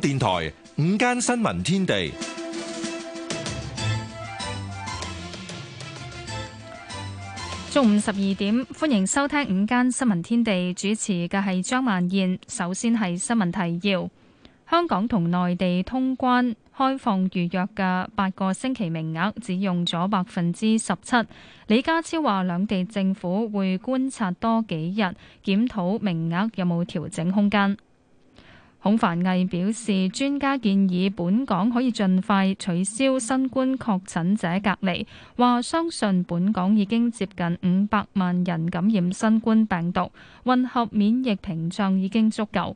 電台午間新聞天地，中午十二點，歡迎收聽午間新聞天地，主持嘅係張曼燕。首先係新聞提要：香港同內地通關開放預約嘅八個星期名額，只用咗百分之十七。李家超話兩地政府會觀察多幾日，檢討名額有冇調整空間。孔繁毅表示，專家建議本港可以盡快取消新冠確診者隔離。話相信本港已經接近五百萬人感染新冠病毒，混合免疫屏障已經足夠。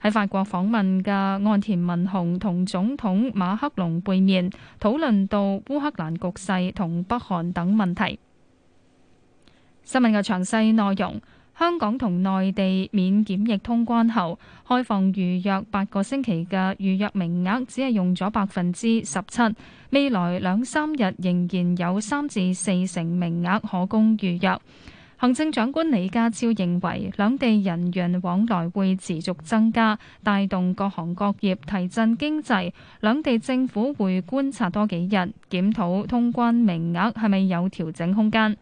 喺法國訪問嘅岸田文雄同總統馬克龍會面，討論到烏克蘭局勢同北韓等問題。新聞嘅詳細內容。香港同內地免檢疫通關後，開放預約八個星期嘅預約名額，只係用咗百分之十七。未來兩三日仍然有三至四成名額可供預約。行政長官李家超認為，兩地人員往來會持續增加，帶動各行各業提振經濟。兩地政府會觀察多幾日，檢討通關名額係咪有調整空間。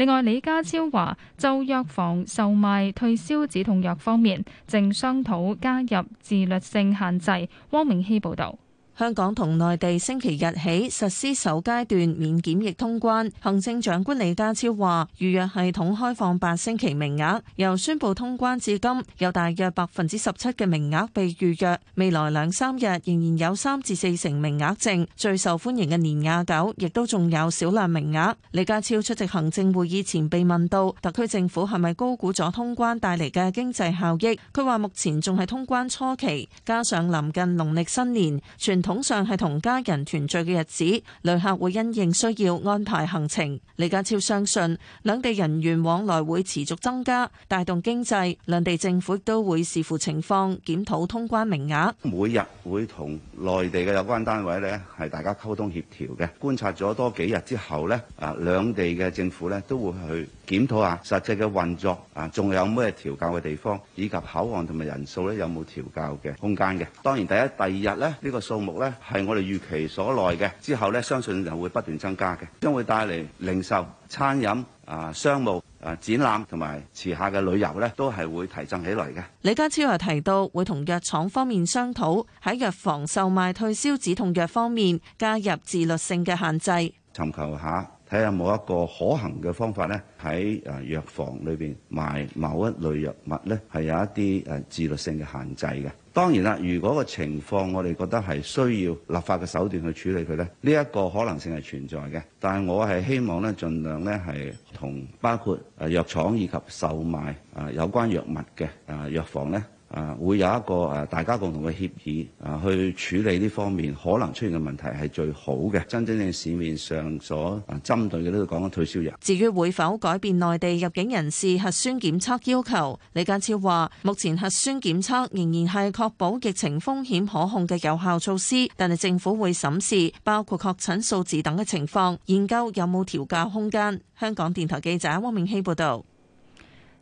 另外，李家超話，就藥房售賣退燒止痛藥方面，正商討加入自律性限制。汪明希報道。香港同內地星期日起實施首階段免檢疫通關，行政長官李家超話，預約系統開放八星期名額，由宣布通關至今有大約百分之十七嘅名額被預約，未來兩三日仍然有三至四成名額剩，最受歡迎嘅年廿九亦都仲有少量名額。李家超出席行政會議前被問到，特區政府係咪高估咗通關帶嚟嘅經濟效益？佢話目前仲係通關初期，加上臨近，近農曆新年，傳統。通常係同家人團聚嘅日子，旅客會因應需要安排行程。李家超相信，兩地人員往來會持續增加，帶動經濟。兩地政府都會視乎情況檢討通關名額。每日會同內地嘅有關單位呢，係大家溝通協調嘅。觀察咗多幾日之後呢啊，兩地嘅政府呢都會去。檢討下實際嘅運作啊，仲有咩調校嘅地方，以及口岸同埋人數咧，有冇調校嘅空間嘅？當然第一、第二日咧，呢個數目咧係我哋預期所內嘅。之後咧，相信就會不斷增加嘅，將會帶嚟零售、餐飲、啊商務、啊展覽同埋遲下嘅旅遊咧，都係會提振起嚟嘅。李家超又提到，會同藥廠方面商討喺藥房售賣退燒止痛藥方面加入自律性嘅限制，尋求下。睇下冇一個可行嘅方法咧，喺誒藥房裏邊賣某一類藥物咧，係有一啲誒自律性嘅限制嘅。當然啦，如果個情況我哋覺得係需要立法嘅手段去處理佢咧，呢一個可能性係存在嘅。但係我係希望咧，儘量咧係同包括誒藥廠以及售賣誒有關藥物嘅誒藥房咧。啊，會有一個啊，大家共同嘅協議啊，去處理呢方面可能出現嘅問題係最好嘅。真正正市面上所針對嘅呢個講緊退燒藥。至於會否改變內地入境人士核酸檢測要求？李家超話：目前核酸檢測仍然係確保疫情風險可控嘅有效措施，但係政府會審視包括確診數字等嘅情況，研究有冇調價空間。香港電台記者汪明希報導。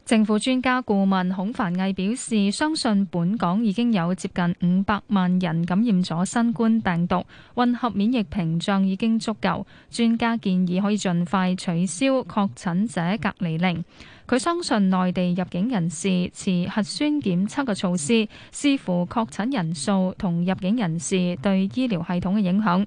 政府專家顧問孔繁毅表示，相信本港已經有接近五百萬人感染咗新冠病毒，混合免疫屏障已經足夠。專家建議可以盡快取消確診者隔離令。佢相信內地入境人士持核酸檢測嘅措施，視乎確診人數同入境人士對醫療系統嘅影響。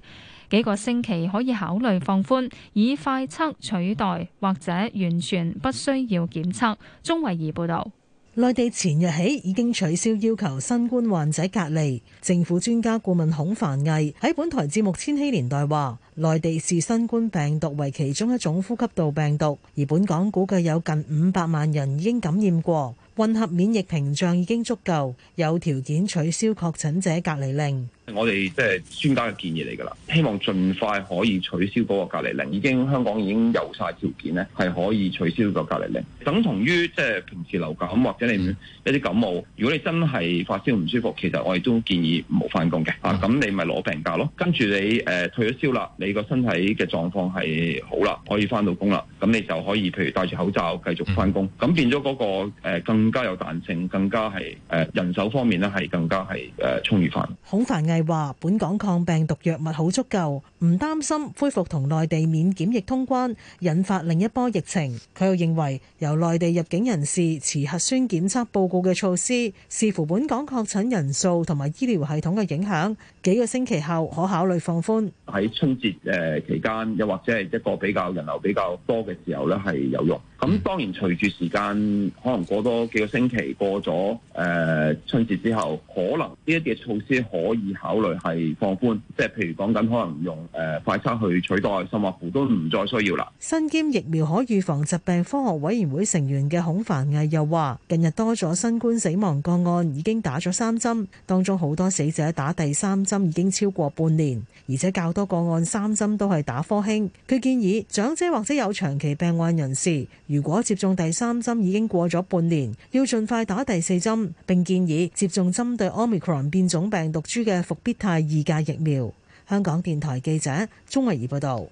幾個星期可以考慮放寬，以快測取代或者完全不需要檢測。鍾慧儀報導，內地前日起已經取消要求新冠患者隔離。政府專家顧問孔繁毅喺本台節目《千禧年代》話，內地視新冠病毒為其中一種呼吸道病毒，而本港估計有近五百萬人已經感染過。混合免疫屏障已經足夠，有條件取消確診者隔離令。我哋即係專家嘅建議嚟㗎啦，希望盡快可以取消嗰個隔離令。已經香港已經有晒條件咧，係可以取消個隔離令，等同於即係平時流感或者你一啲感冒。如果你真係發燒唔舒服，其實我哋都建議唔好翻工嘅啊。咁你咪攞病假咯。跟住你誒退咗燒啦，你個身體嘅狀況係好啦，可以翻到工啦。咁你就可以譬如戴住口罩繼續翻工。咁變咗嗰個誒更。加有彈性，更加係誒人手方面咧，係更加係誒充裕翻。孔繁毅話：本港抗病毒藥物好足夠，唔擔心恢復同內地免檢疫通關引發另一波疫情。佢又認為，由內地入境人士持核酸檢測報告嘅措施，視乎本港確診人數同埋醫療系統嘅影響，幾個星期後可考慮放寬。喺春節誒期間，又或者係一個比較人流比較多嘅時候咧，係有用。咁當然，隨住時間可能過多幾個星期，過咗誒春節之後，可能呢一啲嘅措施可以考慮係放寬，即係譬如講緊可能用誒快餐去取代甚或乎都唔再需要啦。身兼疫苗可預防疾病科學委員會成員嘅孔凡毅又話，近日多咗新冠死亡個案，已經打咗三針，當中好多死者打第三針已經超過半年，而且較多個案三針都係打科興。佢建議長者或者有長期病患人士。如果接種第三針已經過咗半年，要盡快打第四針。並建議接種針對 Omicron 變種病毒株嘅復必泰二價疫苗。香港電台記者鍾慧儀報導，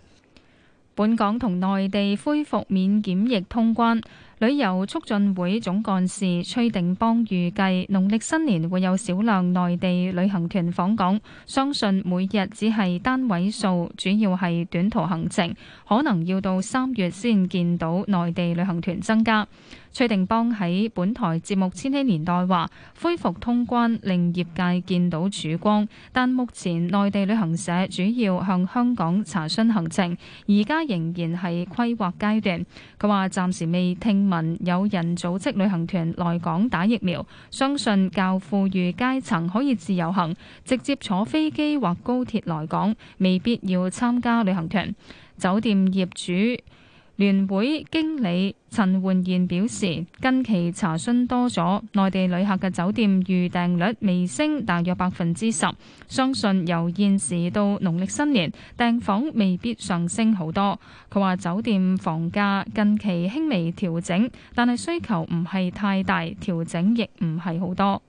本港同內地恢復免檢疫通關。旅遊促進會總幹事崔定邦預計，農曆新年會有少量內地旅行團訪港，相信每日只係單位數，主要係短途行程，可能要到三月先見到內地旅行團增加。崔定邦喺本台節目《千禧年代》話，恢復通關令業界見到曙光，但目前內地旅行社主要向香港查詢行程，而家仍然係規劃階段。佢話暫時未聽聞有人組織旅行團來港打疫苗，相信較富裕階層可以自由行，直接坐飛機或高鐵來港，未必要參加旅行團。酒店業主。聯會經理陳煥賢表示，近期查詢多咗，內地旅客嘅酒店預訂率微升，大約百分之十。相信由現時到農曆新年，訂房未必上升好多。佢話：酒店房價近期輕微調整，但係需求唔係太大，調整亦唔係好多。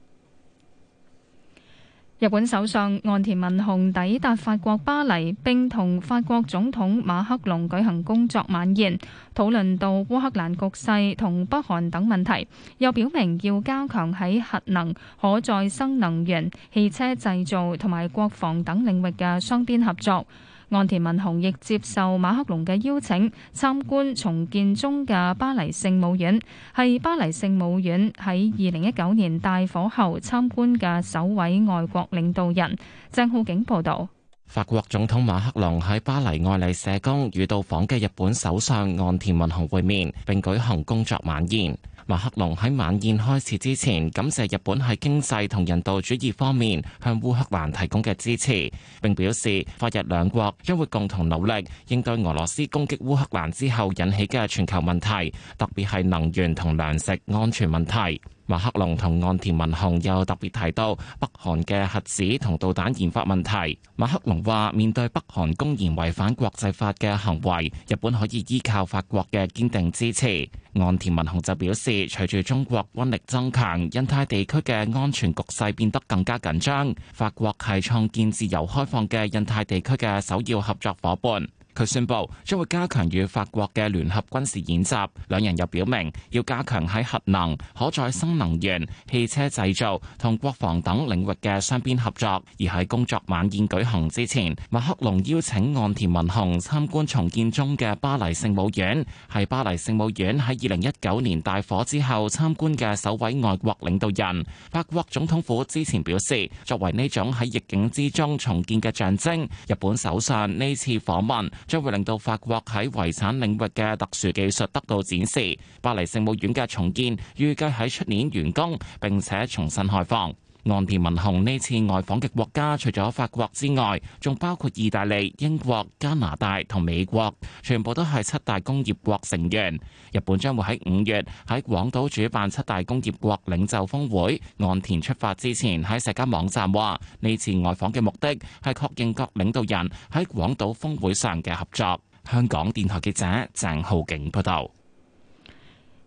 日本首相岸田文雄抵達法國巴黎，並同法國總統馬克龍舉行工作晚宴，討論到烏克蘭局勢同北韓等問題，又表明要加強喺核能、可再生能源、汽車製造同埋國防等領域嘅雙邊合作。岸田文雄亦接受馬克龍嘅邀請參觀重建中嘅巴黎聖母院，係巴黎聖母院喺二零一九年大火後參觀嘅首位外國領導人。鄭浩景報道。法國總統馬克龍喺巴黎愛麗舍宮與到訪嘅日本首相岸田文雄會面，並舉行工作晚宴。馬克龍喺晚宴開始之前，感謝日本喺經濟同人道主義方面向烏克蘭提供嘅支持，並表示法日兩國將會共同努力應對俄羅斯攻擊烏克蘭之後引起嘅全球問題，特別係能源同糧食安全問題。馬克龍同岸田文雄又特別提到北韓嘅核子同導彈研發問題，馬克龍話面對北韓公然違反國際法嘅行為，日本可以依靠法國嘅堅定支持。岸田文雄就表示：隨住中國軍力增強印太地區嘅安全局勢變得更加緊張，法國係創建自由開放嘅印太地區嘅首要合作伙伴。佢宣布將會加強與法國嘅聯合軍事演習，兩人又表明要加強喺核能、可再生能源、汽車製造同國防等領域嘅雙邊合作。而喺工作晚宴舉行之前，馬克龍邀請岸田文雄參觀重建中嘅巴黎聖母院，係巴黎聖母院喺二零一九年大火之後參觀嘅首位外國領導人。法國總統府之前表示，作為呢種喺逆境之中重建嘅象徵，日本首相呢次訪問。將會令到法國喺遺產領域嘅特殊技術得到展示。巴黎聖母院嘅重建預計喺出年完工，並且重新開放。岸田文雄呢次外訪嘅國家，除咗法國之外，仲包括意大利、英國、加拿大同美國，全部都係七大工業國成員，日本將會喺五月喺廣島主辦七大工業國領袖峰會。岸田出發之前喺社交網站話，呢次外訪嘅目的係確認各領導人喺廣島峰會上嘅合作。香港電台記者鄭浩景報道。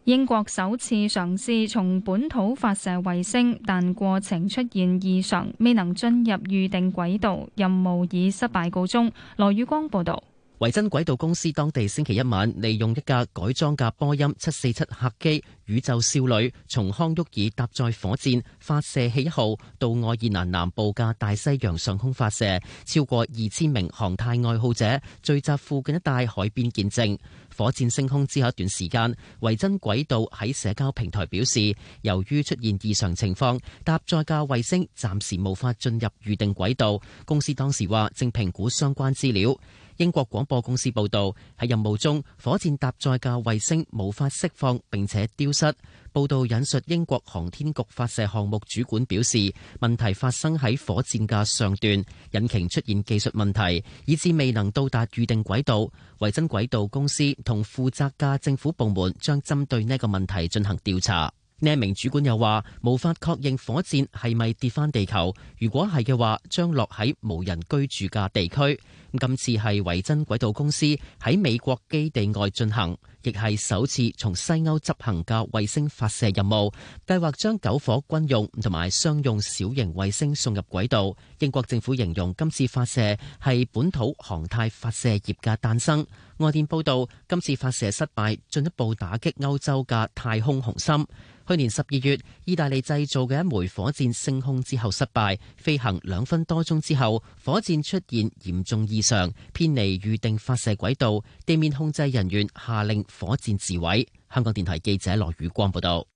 英國首次嘗試從本土發射衛星，但過程出現異常，未能進入預定軌道，任務以失敗告終。羅宇光報導。維珍軌道公司當地星期一晚，利用一架改裝架波音七四七客機《宇宙少女》，從康沃爾搭載火箭發射器一號到愛爾蘭南部嘅大西洋上空發射。超過二千名航太愛好者聚集附近一帶海邊見證。火箭升空之後一段時間，維珍軌道喺社交平台表示，由於出現異常情況，搭載架衛星暫時無法進入預定軌道。公司當時話正評估相關資料。英國廣播公司報道，喺任務中，火箭搭載嘅衛星無法釋放，並且丟失。報道引述英國航天局發射項目主管表示，問題發生喺火箭嘅上段，引擎出現技術問題，以致未能到達預定軌道。維珍軌道公司同負責嘅政府部門將針對呢個問題進行調查。呢一名主管又話，無法確認火箭係咪跌翻地球。如果係嘅話，將落喺無人居住嘅地區。今次係維珍軌道公司喺美國基地外進行，亦係首次從西歐執行嘅衛星發射任務。計劃將九顆軍用同埋商用小型衛星送入軌道。英國政府形容今次發射係本土航太發射業嘅誕生。外電報道，今次發射失敗，進一步打擊歐洲嘅太空雄心。去年十二月，意大利製造嘅一枚火箭升空之後失敗，飛行兩分多鐘之後，火箭出現嚴重異常，偏離預定發射軌道，地面控制人員下令火箭自毀。香港電台記者羅宇光報道：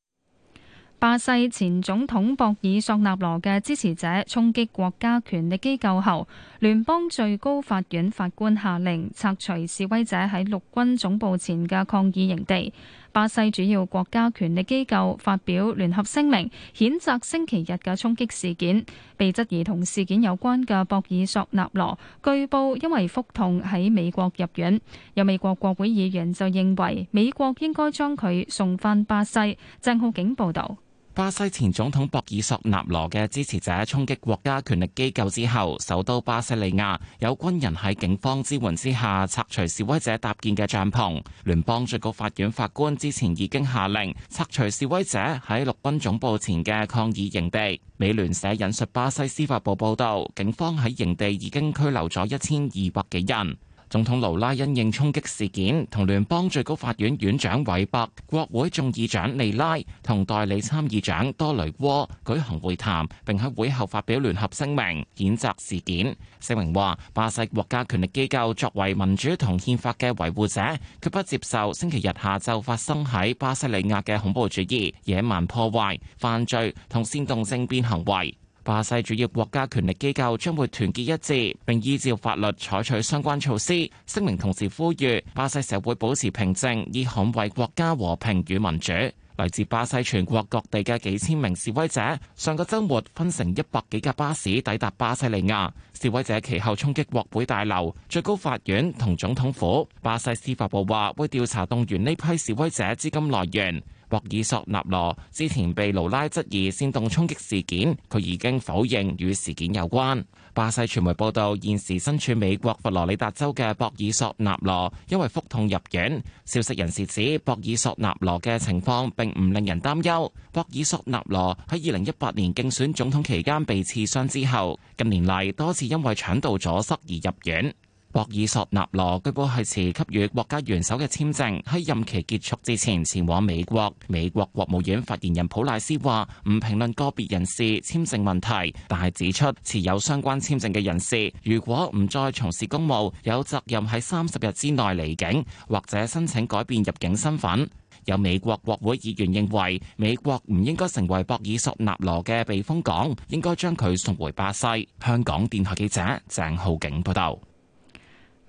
「巴西前總統統博爾索納羅嘅支持者衝擊國家權力機構後，聯邦最高法院法官下令拆除示威者喺陸軍總部前嘅抗議營地。」巴西主要國家權力機構發表聯合聲明，譴責星期日嘅衝擊事件。被質疑同事件有關嘅博爾索納羅，據報因為腹痛喺美國入院。有美國國會議員就認為，美國應該將佢送返巴西。鄭浩景報道。巴西前總統博爾索納羅嘅支持者衝擊國家權力機構之後，首都巴西利亞有軍人喺警方支援之下拆除示威者搭建嘅帳篷。聯邦最高法院法官之前已經下令拆除示威者喺陸軍總部前嘅抗議營地。美聯社引述巴西司法部報道，警方喺營地已經拘留咗一千二百幾人。總統盧拉因應衝擊事件，同聯邦最高法院院長韋伯、國會眾議長利拉同代理參議長多雷沃舉行會談，並喺會後發表聯合聲明，譴責事件。聲明話：巴西國家權力機構作為民主同憲法嘅維護者，決不接受星期日下晝發生喺巴西利亞嘅恐怖主義、野蠻破壞、犯罪同煽動政變行為。巴西主要國家權力機構將會團結一致，並依照法律採取相關措施。聲明同時呼籲巴西社會保持平靜，以捍衛國家和平與民主。來自巴西全國各地嘅幾千名示威者，上個周末分成一百幾架巴士抵達巴西利亞。示威者其後衝擊國會大樓、最高法院同總統府。巴西司法部話會調查動員呢批示威者資金來源。博爾索納羅之前被盧拉質疑煽動衝擊事件，佢已經否認與事件有關。巴西傳媒報道，現時身處美國佛羅里達州嘅博爾索納羅因為腹痛入院。消息人士指，博爾索納羅嘅情況並唔令人擔憂。博爾索納羅喺二零一八年競選總統期間被刺傷之後，近年嚟多次因為腸道阻塞而入院。博爾索納羅據報係持給予國家元首嘅簽證，喺任期結束之前前往美國。美國國務院發言人普賴斯話唔評論個別人士簽證問題，但係指出持有相關簽證嘅人士如果唔再從事公務，有責任喺三十日之內離境或者申請改變入境身份。有美國國會議員認為美國唔應該成為博爾索納羅嘅避風港，應該將佢送回巴西。香港電台記者鄭浩景報道。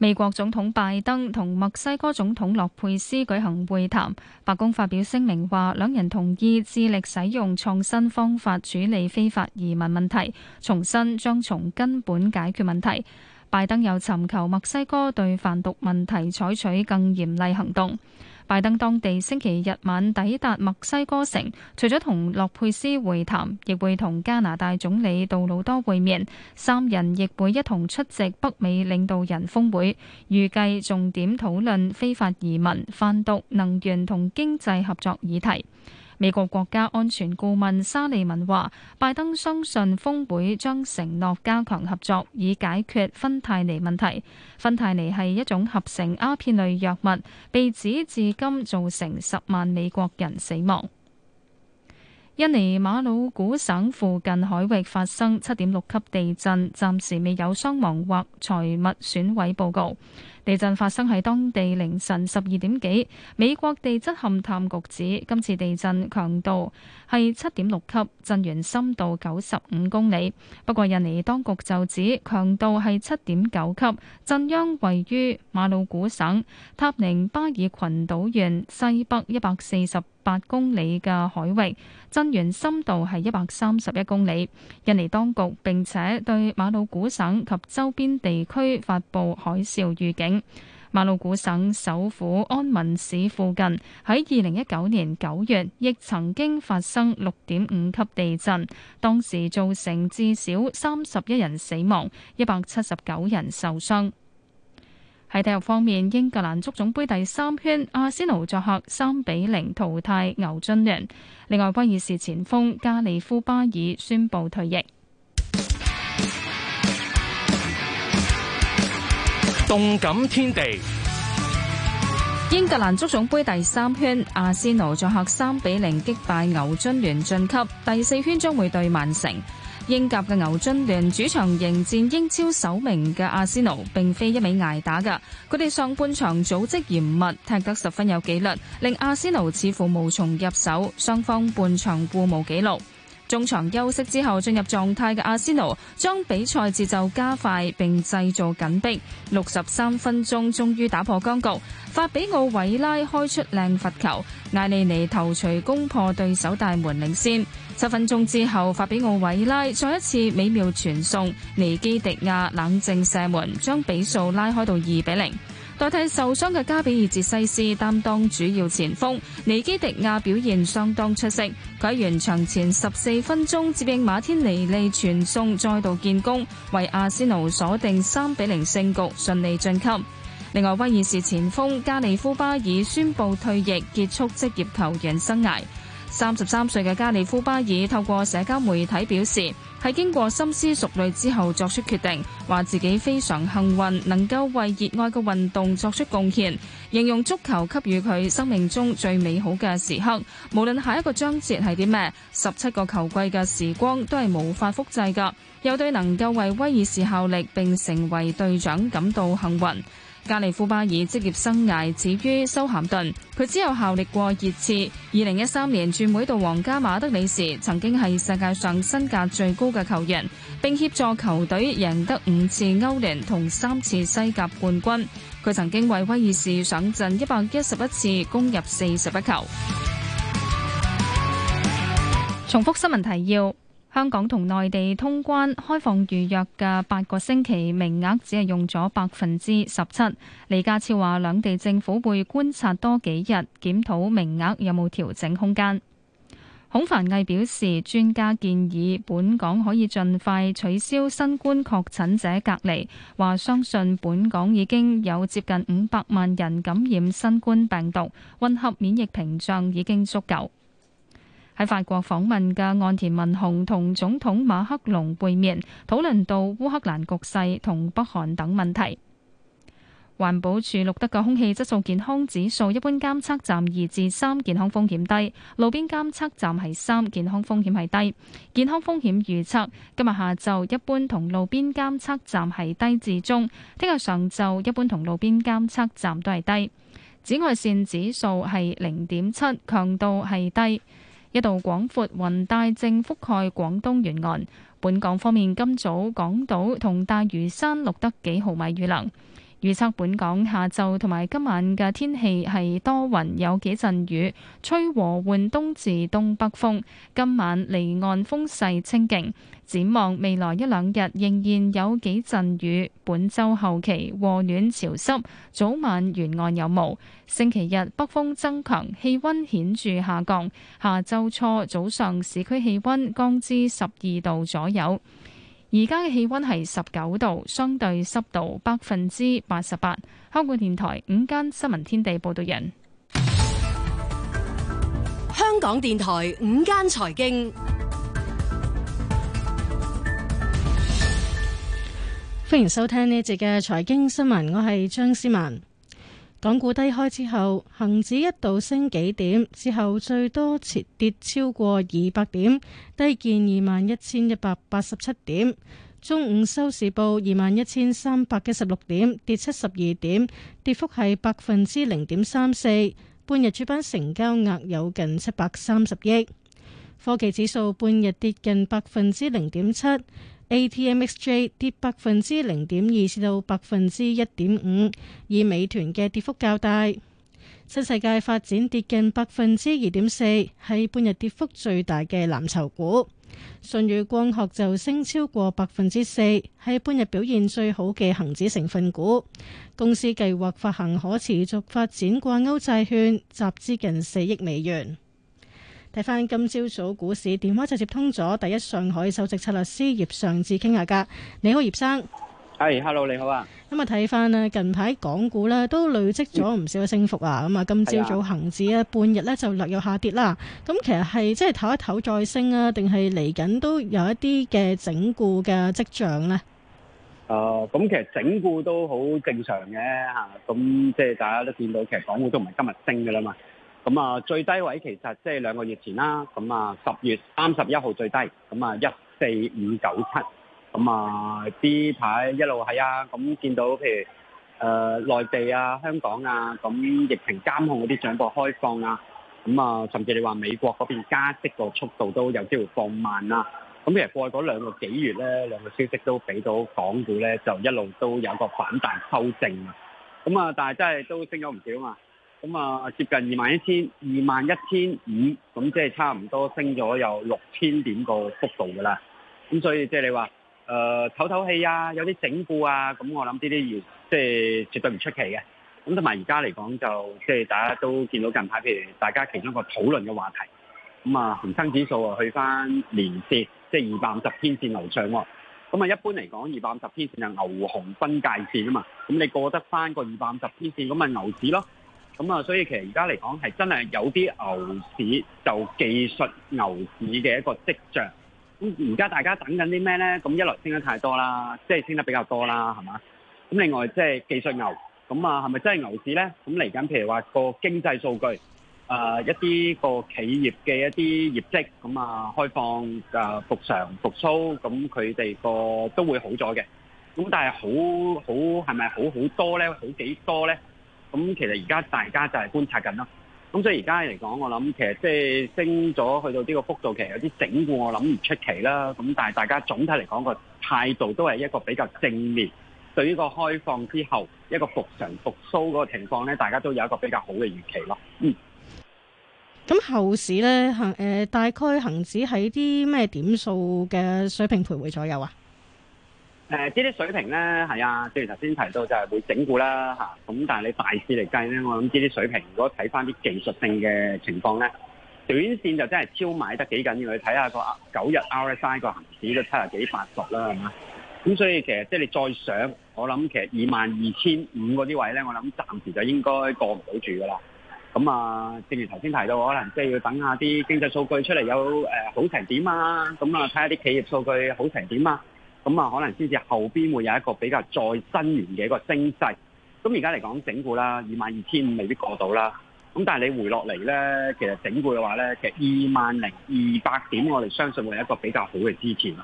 美國總統拜登同墨西哥總統洛佩斯舉行會談，白宮發表聲明話，兩人同意致力使用創新方法處理非法移民問題，重申將從根本解決問題。拜登又尋求墨西哥對販毒問題採取更嚴厲行動。拜登當地星期日晚抵達墨西哥城，除咗同洛佩斯會談，亦會同加拿大總理杜魯多會面，三人亦會一同出席北美領導人峰會，預計重點討論非法移民、販毒、能源同經濟合作議題。美國國家安全顧問沙利文話：拜登相信峰會將承諾加強合作，以解決芬太尼問題。芬太尼係一種合成阿片類藥物，被指至今造成十萬美國人死亡。印尼馬魯古省附近海域發生七點六級地震，暫時未有傷亡或財物損毀報告。地震發生喺當地凌晨十二點幾。美國地質勘探局指今次地震強度係七點六級，震源深度九十五公里。不過印尼當局就指強度係七點九級，震央位於馬魯古省塔寧巴爾群島縣西北一百四十。八公里嘅海域，震源深度係一百三十一公里。印尼當局並且對馬魯古省及周邊地區發布海嘯預警。馬魯古省首府安汶市附近喺二零一九年九月亦曾經發生六點五級地震，當時造成至少三十一人死亡，一百七十九人受傷。喺體育方面，英格蘭足總杯第三圈，阿仙奴作客三比零淘汰牛津聯。另外，威爾士前鋒加利夫巴爾宣布退役。動感天地，英格蘭足總杯第三圈，阿仙奴作客三比零擊敗牛津聯晉級，第四圈將會對曼城。英甲嘅牛津聯主場迎戰英超首名嘅阿仙奴，並非一味挨打噶。佢哋上半場組織嚴密，踢得十分有紀律，令阿仙奴似乎無從入手。雙方半場互無紀錄。中場休息之後，進入狀態嘅阿仙奴將比賽節奏加快，並製造緊逼。六十三分鐘終於打破僵局，法比奧韋拉開出靚罰球，艾利尼頭錘攻破對手大門，領先。七分鐘之後，法比奧維拉再一次美妙傳送，尼基迪亞冷靜射門將比數拉開到二比零。代替受傷嘅加比爾捷西斯擔當主要前鋒，尼基迪亞表現相當出色。佢喺完場前十四分鐘接應馬天尼利傳送，再度建功，為阿仙奴鎖定三比零勝局，順利晉級。另外，威爾士前鋒加利夫巴爾宣布退役，結束職業球員生涯。三十三歲嘅加利夫巴爾透過社交媒體表示，係經過深思熟慮之後作出決定，話自己非常幸運能夠為熱愛嘅運動作出貢獻，形容足球給予佢生命中最美好嘅時刻。無論下一個章節係啲咩，十七個球季嘅時光都係無法複製噶。又對能夠為威爾士效力並成為隊長感到幸運。加利夫巴爾職業生涯止於休咸頓，佢只有效力過熱刺。二零一三年轉會到皇家馬德里時，曾經係世界上身價最高嘅球員，並協助球隊贏得五次歐聯同三次西甲冠軍。佢曾經為威爾士上陣一百一十一次，攻入四十一球。重複新聞提要。香港同內地通關開放預約嘅八個星期名額，只係用咗百分之十七。李家超話，兩地政府會觀察多幾日，檢討名額有冇調整空間。孔繁毅表示，專家建議本港可以盡快取消新冠確診者隔離，話相信本港已經有接近五百萬人感染新冠病毒，混合免疫屏障已經足夠。喺法國訪問嘅岸田文雄同總統馬克龍會面，討論到烏克蘭局勢同北韓等問題。環保署錄得嘅空氣質素健康指數，一般監測站二至三，健康風險低；路邊監測站係三，健康風險係低。健康風險預測今日下晝一般同路邊監測站係低至中，聽日上晝一般同路邊監測站都係低。紫外線指數係零點七，強度係低。一道廣闊雲帶正覆蓋廣東沿岸，本港方面今早港島同大嶼山錄得幾毫米雨量。預測本港下晝同埋今晚嘅天氣係多雲，有幾陣雨，吹和緩東至東北風。今晚離岸風勢清勁。展望未來一兩日仍然有幾陣雨。本周後期和暖潮濕，早晚沿岸有霧。星期日北風增強，氣温顯著下降。下周初早上市區氣温降至十二度左右。而家嘅氣溫係十九度，相對濕度百分之八十八。香港電台午間新聞天地報道人，香港電台午間財經，歡迎收聽呢一節嘅財經新聞，我係張思文。港股低開之後，恒指一度升幾點，之後最多跌跌超過二百點，低見二萬一千一百八十七點。中午收市報二萬一千三百一十六點，跌七十二點，跌幅係百分之零點三四。半日主板成交額有近七百三十億。科技指數半日跌近百分之零點七。ATMXJ 跌百分之零點二，至到百分之一點五，以美團嘅跌幅較大。新世界發展跌近百分之二點四，係半日跌幅最大嘅藍籌股。舜宇光學就升超過百分之四，係半日表現最好嘅恒指成分股。公司計劃發行可持續發展掛鈎債券，集資近四億美元。睇翻今朝早股市，電話就接通咗第一上海首席策略師葉尚志傾下偈。你好，葉生。係，hello，你好啊。咁啊，睇翻咧，近排港股咧都累積咗唔少嘅升幅啊。咁啊，今朝早恒指咧半日咧就略有下跌啦。咁其實係即係唞一唞再升啊，定係嚟緊都有一啲嘅整固嘅跡象咧？啊，咁其實整固都好正常嘅吓。咁即係大家都見到，其實港股都唔係今日升噶啦嘛。咁啊，最低位其實即係兩個月前啦，咁啊十月三十一號最低，咁啊一四五九七，咁啊啲牌一路係啊，咁見到譬如誒、呃、內地啊、香港啊，咁疫情監控嗰啲逐步開放啊，咁啊甚至你話美國嗰邊加息個速度都有機會放慢啦、啊，咁其實過去嗰兩個幾月咧，兩個消息都俾到港股咧，就一路都有個反彈修正啊，咁啊但係真係都升咗唔少啊嘛～咁啊，接近二萬一千，二萬一千五，咁即係差唔多升咗有六千點個幅度噶啦。咁所以即係你話，誒、呃，唞唞氣啊，有啲整固啊，咁我諗呢啲要，即係絕對唔出奇嘅。咁同埋而家嚟講，就即係大家都見到近排，譬如大家其中一個討論嘅話題，咁啊，恒生指數啊，去翻年綫，即係二百五十天綫樓上。咁啊，一般嚟講，二百五十天綫就牛熊分界綫啊嘛。咁你過得翻個二百五十天綫，咁咪牛市咯。咁啊，所以其實而家嚟講係真係有啲牛市，就技術牛市嘅一個跡象。咁而家大家等緊啲咩咧？咁一來升得太多啦，即係升得比較多啦，係嘛？咁另外即係技術牛，咁啊係咪真係牛市咧？咁嚟緊譬如話個經濟數據，啊一啲個企業嘅一啲業績，咁啊開放啊復常復甦，咁佢哋個都會好咗嘅。咁但係好好係咪好好多咧？好幾多咧？咁其實而家大家就係觀察緊啦。咁所以而家嚟講，我諗其實即係升咗去到呢個幅度，其實有啲整固，我諗唔出奇啦。咁但係大家總體嚟講個態度都係一個比較正面，對於個開放之後一個復常復甦嗰個情況咧，大家都有一個比較好嘅預期咯。嗯。咁後市咧，行誒大概恆指喺啲咩點數嘅水平徘徊左右啊？誒呢啲水平咧，係啊，正如頭先提到就係會整固啦嚇。咁、啊、但係你大市嚟計咧，我諗呢啲水平，如果睇翻啲技術性嘅情況咧，短線就真係超買得幾緊要。你睇下個九日 RSI 個恆指都七十幾八十啦，係嘛？咁所以其實即係你再上，我諗其實二萬二千五嗰啲位咧，我諗暫時就應該過唔到住㗎啦。咁啊，正如頭先提到，可能即係要等下啲經濟數據出嚟有誒、呃、好成點啊，咁啊睇下啲企業數據好成點啊。咁啊、嗯，可能先至後邊會有一個比較再新援嘅一個升勢。咁而家嚟講整固啦，二萬二千五未必過到啦。咁、嗯、但係你回落嚟咧，其實整固嘅話咧，其實二萬零二百點，我哋相信會係一個比較好嘅支持。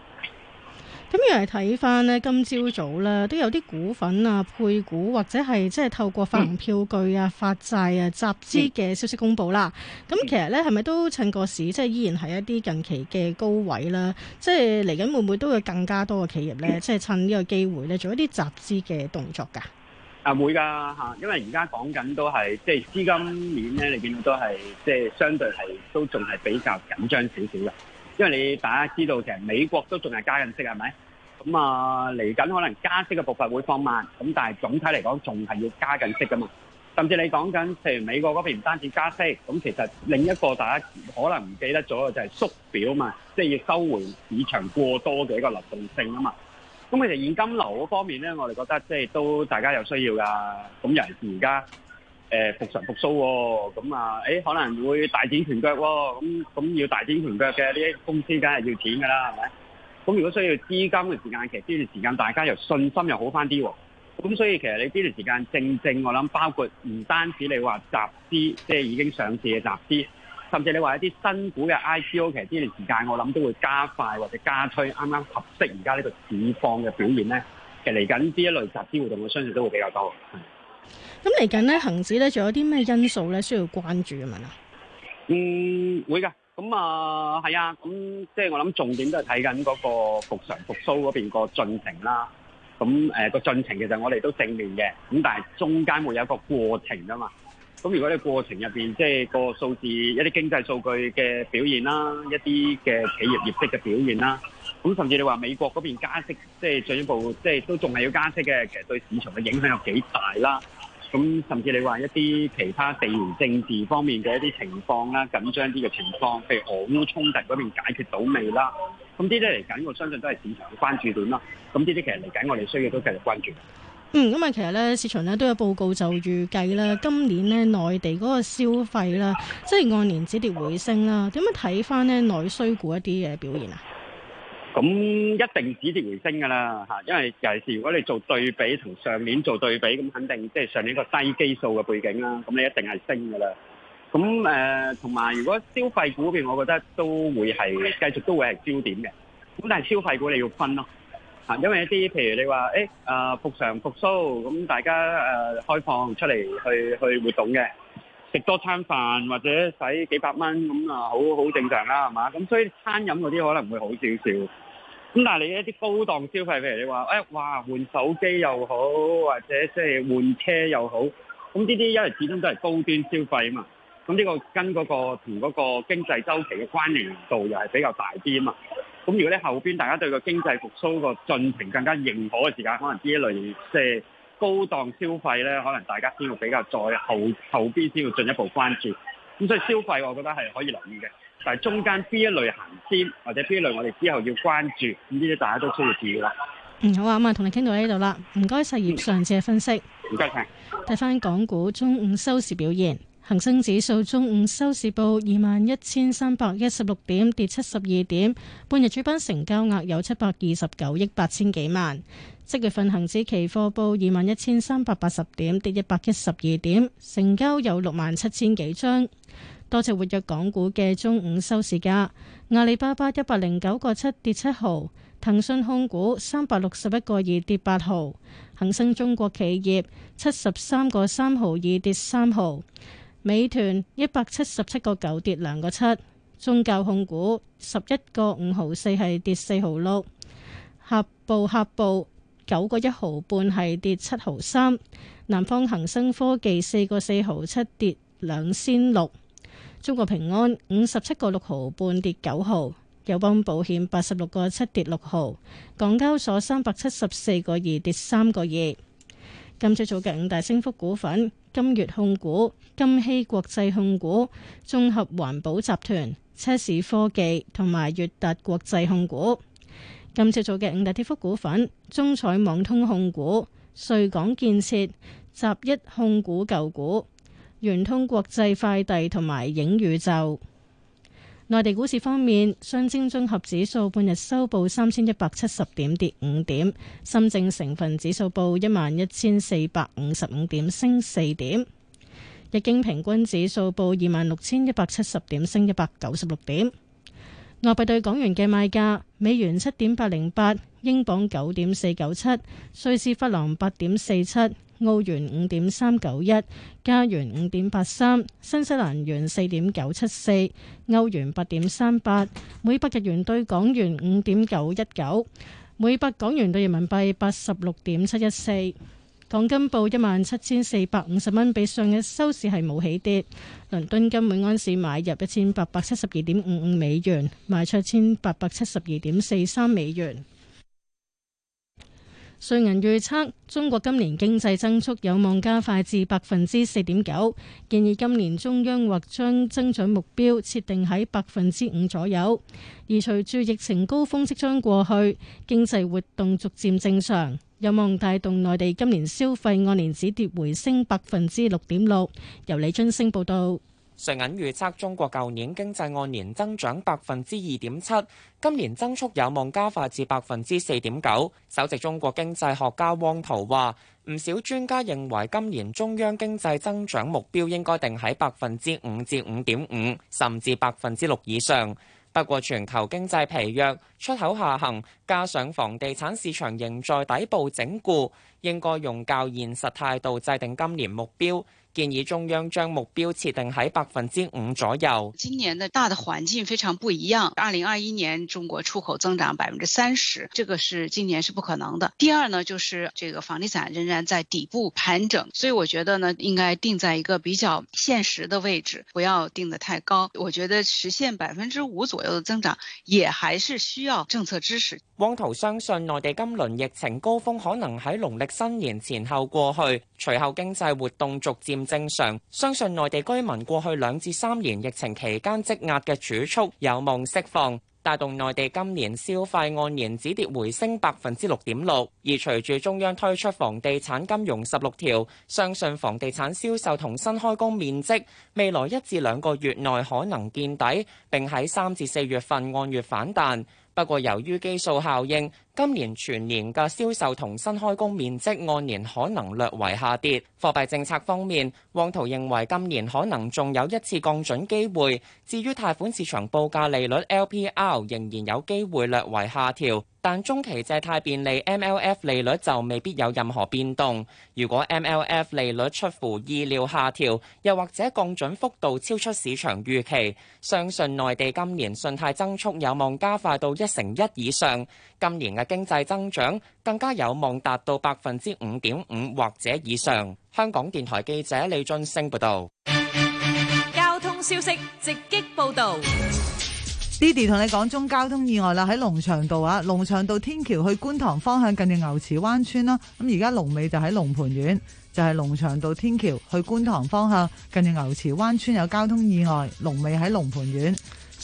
咁又係睇翻咧，今朝早咧都有啲股份啊、配股或者係即係透過發行票據啊、發債啊集資嘅消息公布啦。咁、嗯、其實咧係咪都趁個市，即係依然係一啲近期嘅高位啦？即係嚟緊會唔會都會更加多嘅企業咧，即係趁呢個機會咧做一啲集資嘅動作噶？啊會噶吓，因為而家講緊都係即係資金面咧，你見到都係即係相對係都仲係比較緊張少少嘅。因為你大家知道其實美國都仲係加印息係咪？咁啊，嚟緊、嗯、可能加息嘅步伐會放慢，咁、嗯、但係總體嚟講仲係要加緊息噶嘛。甚至你講緊，譬如美國嗰邊唔單止加息，咁、嗯、其實另一個大家可能唔記得咗嘅就係縮表嘛，即係要收回市場過多嘅一個流動性啊嘛。咁、嗯、其實現金流嗰方面咧，我哋覺得即係都大家有需要噶。咁尤其是而家誒復常復甦喎、哦，咁啊誒可能會大展拳腳喎、哦，咁、嗯、咁、嗯、要大展拳腳嘅呢啲公司梗係要錢㗎啦，係咪？咁如果需要資金嘅時間，其實呢段時間大家又信心又好翻啲喎，咁所以其實你呢段時間正正我諗包括唔單止你話集資，即係已經上市嘅集資，甚至你話一啲新股嘅 IPO，其實呢段時間我諗都會加快或者加推，啱啱合適而家呢個市況嘅表現咧，其實嚟緊呢一類集資活動我相信都會比較多。咁嚟緊咧，恆指咧仲有啲咩因素咧需要關注嘅問啊？嗯，會㗎。咁、嗯、啊，係啊，咁即係我諗重點都係睇緊嗰個復常復甦嗰邊個進程啦。咁誒個進程其實我哋都正面嘅，咁但係中間會有一個過程啊嘛。咁如果你過程入邊即係、嗰個數字，一啲經濟數據嘅表現啦，一啲嘅企業業績嘅表現啦，咁甚至你話美國嗰邊加息，即係進一步，即係都仲係要加息嘅，其實對市場嘅影響有幾大啦。咁甚至你話一啲其他地緣政治方面嘅一啲情況啦，緊張啲嘅情況，譬如俄烏衝突嗰邊解決到未啦？咁呢啲嚟緊，我相信都係市場嘅關注點啦。咁呢啲其實嚟緊，我哋需要都繼續關注。嗯，咁啊，其實咧，市場咧都有報告就預計咧，今年咧內地嗰個消費啦，即係按年止跌回升啦。點樣睇翻咧內需股一啲嘅表現啊？咁一定止跌回升噶啦嚇，因為尤其是如果你做對比，同上年做對比，咁肯定即係上年個低基數嘅背景啦，咁你一定係升噶啦。咁誒同埋如果消費股嗰邊，我覺得都會係繼續都會係焦點嘅。咁但係消費股你要分咯嚇，因為一啲譬如你話誒啊復常復甦，咁大家誒、呃、開放出嚟去去活動嘅，食多餐飯或者使幾百蚊咁啊好好正常啦係嘛？咁所以餐飲嗰啲可能會好少少。咁但係你一啲高檔消費，譬如你話，誒、哎、哇換手機又好，或者即係換車又好，咁呢啲因為始終都係高端消費啊嘛，咁呢個跟嗰、嗰個同嗰個經濟週期嘅關聯度又係比較大啲啊嘛，咁如果咧後邊大家對個經濟復甦個進程更加認可嘅時間，可能呢一類即係高檔消費咧，可能大家先會比較在後後邊先會進一步關注，咁所以消費我覺得係可以留意嘅。但係中間邊一類行先，或者邊一類我哋之後要關注，呢啲大家都需要注意咯。嗯，好啊，咁啊，同你傾到呢度啦，唔該曬，葉上次嘅分析。唔該曬。睇返港股中午收市表現，恒生指數中午收市報二萬一千三百一十六點，跌七十二點。半日主板成交額有七百二十九億八千幾萬。即月份恒指期貨報二萬一千三百八十點，跌一百一十二點，成交有六萬七千幾張。多謝。活躍港股嘅中午收市價，阿里巴巴一百零九個七跌七毫，騰訊控股三百六十一個二跌八毫，恒生中國企業七十三個三毫二跌三毫，美團一百七十七個九跌兩個七，中教控股十一個五毫四係跌四毫六，合部合部九個一毫半係跌七毫三，南方恒生科技四個四毫七跌兩仙六。中國平安五十七個六毫半跌九毫，友邦保險八十六個七跌六毫，港交所三百七十四個二跌三個二。今朝早嘅五大升幅股份：金月控股、金禧國際控股、綜合環保集團、車市科技同埋越達國際控股。今朝早嘅五大跌幅股，股份：中彩網通控股、瑞港建設、集一控股舊股。圓通國際快遞同埋影宇宙。內地股市方面，上證綜合指數半日收報三千一百七十點，跌五點；深證成分指數報一萬一千四百五十五點，升四點；日經平均指數報二萬六千一百七十點，升一百九十六點。外幣對港元嘅賣價：美元七點八零八，英鎊九點四九七，瑞士法郎八點四七。澳元五點三九一，加元五點八三，新西蘭元四點九七四，歐元八點三八，每百日元兌港元五點九一九，每百港元兌人民幣八十六點七一四。港金報一萬七千四百五十蚊，比上日收市係冇起跌。倫敦金每安士買入一千八百七十二點五五美元，賣出千八百七十二點四三美元。瑞銀預測中國今年經濟增速有望加快至百分之四點九，建議今年中央或將增長目標設定喺百分之五左右。而隨住疫情高峰即將過去，經濟活動逐漸正常，有望帶動內地今年消費按年止跌回升百分之六點六。由李津升報導。瑞銀預測中國舊年經濟按年增長百分之二點七，今年增速有望加快至百分之四點九。首席中國經濟學家汪濤話：唔少專家認為今年中央經濟增長目標應該定喺百分之五至五點五，甚至百分之六以上。不過全球經濟疲弱、出口下行，加上房地產市場仍在底部整固，應該用較現實態度制定今年目標。建議中央將目標設定喺百分之五左右。今年的大的環境非常不一樣。二零二一年中國出口增長百分之三十，這個是今年是不可能的。第二呢，就是這個房地產仍然在底部盤整，所以我覺得呢，應該定在一個比較現實的位置，不要定得太高。我覺得實現百分之五左右的增長，也還是需要政策支持。汪濤相信內地今輪疫情高峰可能喺農曆新年前後過去，隨後經濟活動逐漸。正常，相信內地居民過去兩至三年疫情期間積壓嘅儲蓄有望釋放，帶動內地今年消費按年止跌回升百分之六點六。而隨住中央推出房地產金融十六條，相信房地產銷售同新開工面積未來一至兩個月內可能見底，並喺三至四月份按月反彈。不過由於基數效應。今年全年嘅銷售同新開工面積按年可能略為下跌。貨幣政策方面，旺圖認為今年可能仲有一次降準機會。至於貸款市場報價利率 （LPR） 仍然有機會略為下調，但中期借貸便利 （MLF） 利率就未必有任何變動。如果 MLF 利率出乎意料下調，又或者降準幅度超出市場預期，相信內地今年信貸增速有望加快到一成一以上。今年嘅經濟增長更加有望達到百分之五點五或者以上。香港電台記者李俊升報導。交通消息直擊報導。Didi 同你講中交通意外啦，喺龍翔道啊，龍翔道天橋去觀塘方向近住牛池灣村啦。咁而家龍尾就喺龍盤苑，就係龍翔道天橋去觀塘方向近住牛池灣村有交通意外，龍尾喺龍盤苑。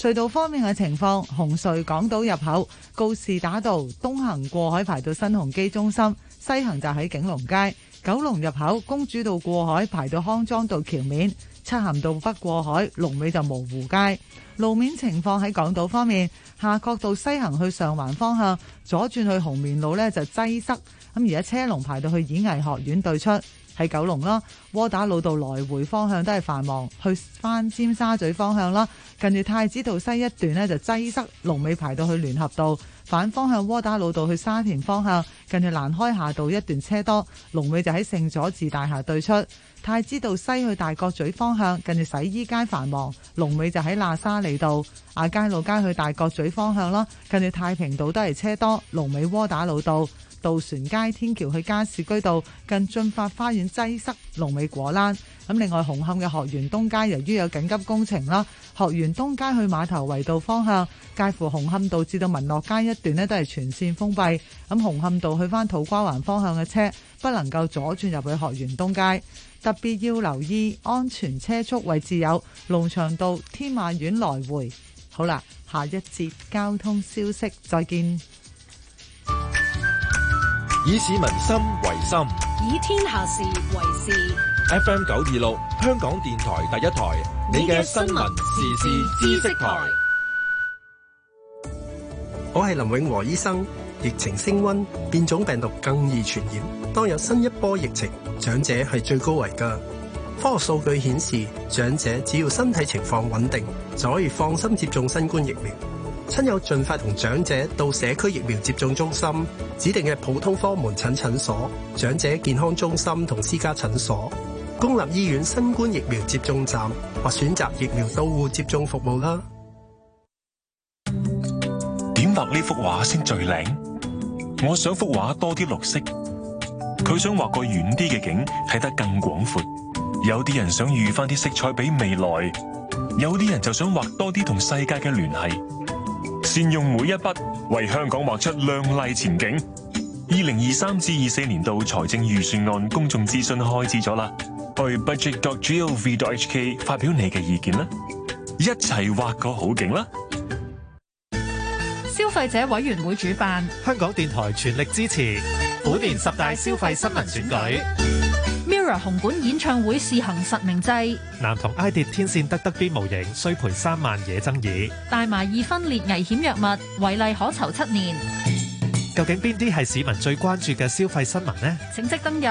隧道方面嘅情況，紅隧港島入口告士打道東行過海排到新鴻基中心，西行就喺景隆街；九龍入口公主道過海排到康莊道橋面，漆咸道北過海龍尾就蕪湖街。路面情況，喺港島方面，下角道西行去上環方向，左轉去紅棉路呢就擠塞，咁而家車龍排到去演藝學院對出。喺九龍啦，窩打老道來回方向都係繁忙，去返尖沙咀方向啦。近住太子道西一段呢，就擠塞，龍尾排到去聯合道。反方向窩打老道去沙田方向，近住蘭開夏道一段車多，龍尾就喺聖佐治大廈對出。太子道西去大角咀方向，近住洗衣街繁忙，龍尾就喺喇沙利道。亞皆老街去大角咀方向啦，近住太平道都係車多，龍尾窩打老道。渡船街天橋去加士居道，近駿發花園擠塞，龍尾果欄。咁另外紅磡嘅學園東街，由於有緊急工程啦，學園東街去碼頭圍道方向，介乎紅磡道至到民樂街一段咧，都係全線封閉，咁紅磡道去翻土瓜灣方向嘅車不能夠左轉入去學園東街。特別要留意安全車速位置有龍翔道、天馬苑來回。好啦，下一節交通消息，再見。以市民心為心，以天下事為事。FM 九二六，香港電台第一台，你嘅新聞時事知識台。我係林永和醫生。疫情升溫，變種病毒更易傳染。當有新一波疫情，長者係最高危㗎。科學數據顯示，長者只要身體情況穩定，就可以放心接種新冠疫苗。親友盡快同長者到社區疫苗接種中心、指定嘅普通科門診診所、長者健康中心同私家診所、公立醫院新冠疫苗接種站或選擇疫苗到戶接種服務啦。點畫呢幅畫先最靚？我想幅畫多啲綠色。佢想畫個遠啲嘅景，睇得更廣闊。有啲人想預翻啲色彩俾未來，有啲人就想畫多啲同世界嘅聯繫。善用每一筆，為香港畫出亮麗前景。二零二三至二四年度財政預算案公眾諮詢開始咗啦，去 budget.gov.hk 發表你嘅意見啦，一齊畫個好景啦！消費者委員會主辦，香港電台全力支持，本年十大消費新聞選舉。紅館演唱會試行實名制，男童埃跌天線得得 B 模型，需賠三萬惹爭議。大麻二酚列危險藥物，違例可囚七年。究竟邊啲係市民最關注嘅消費新聞呢？請即登入。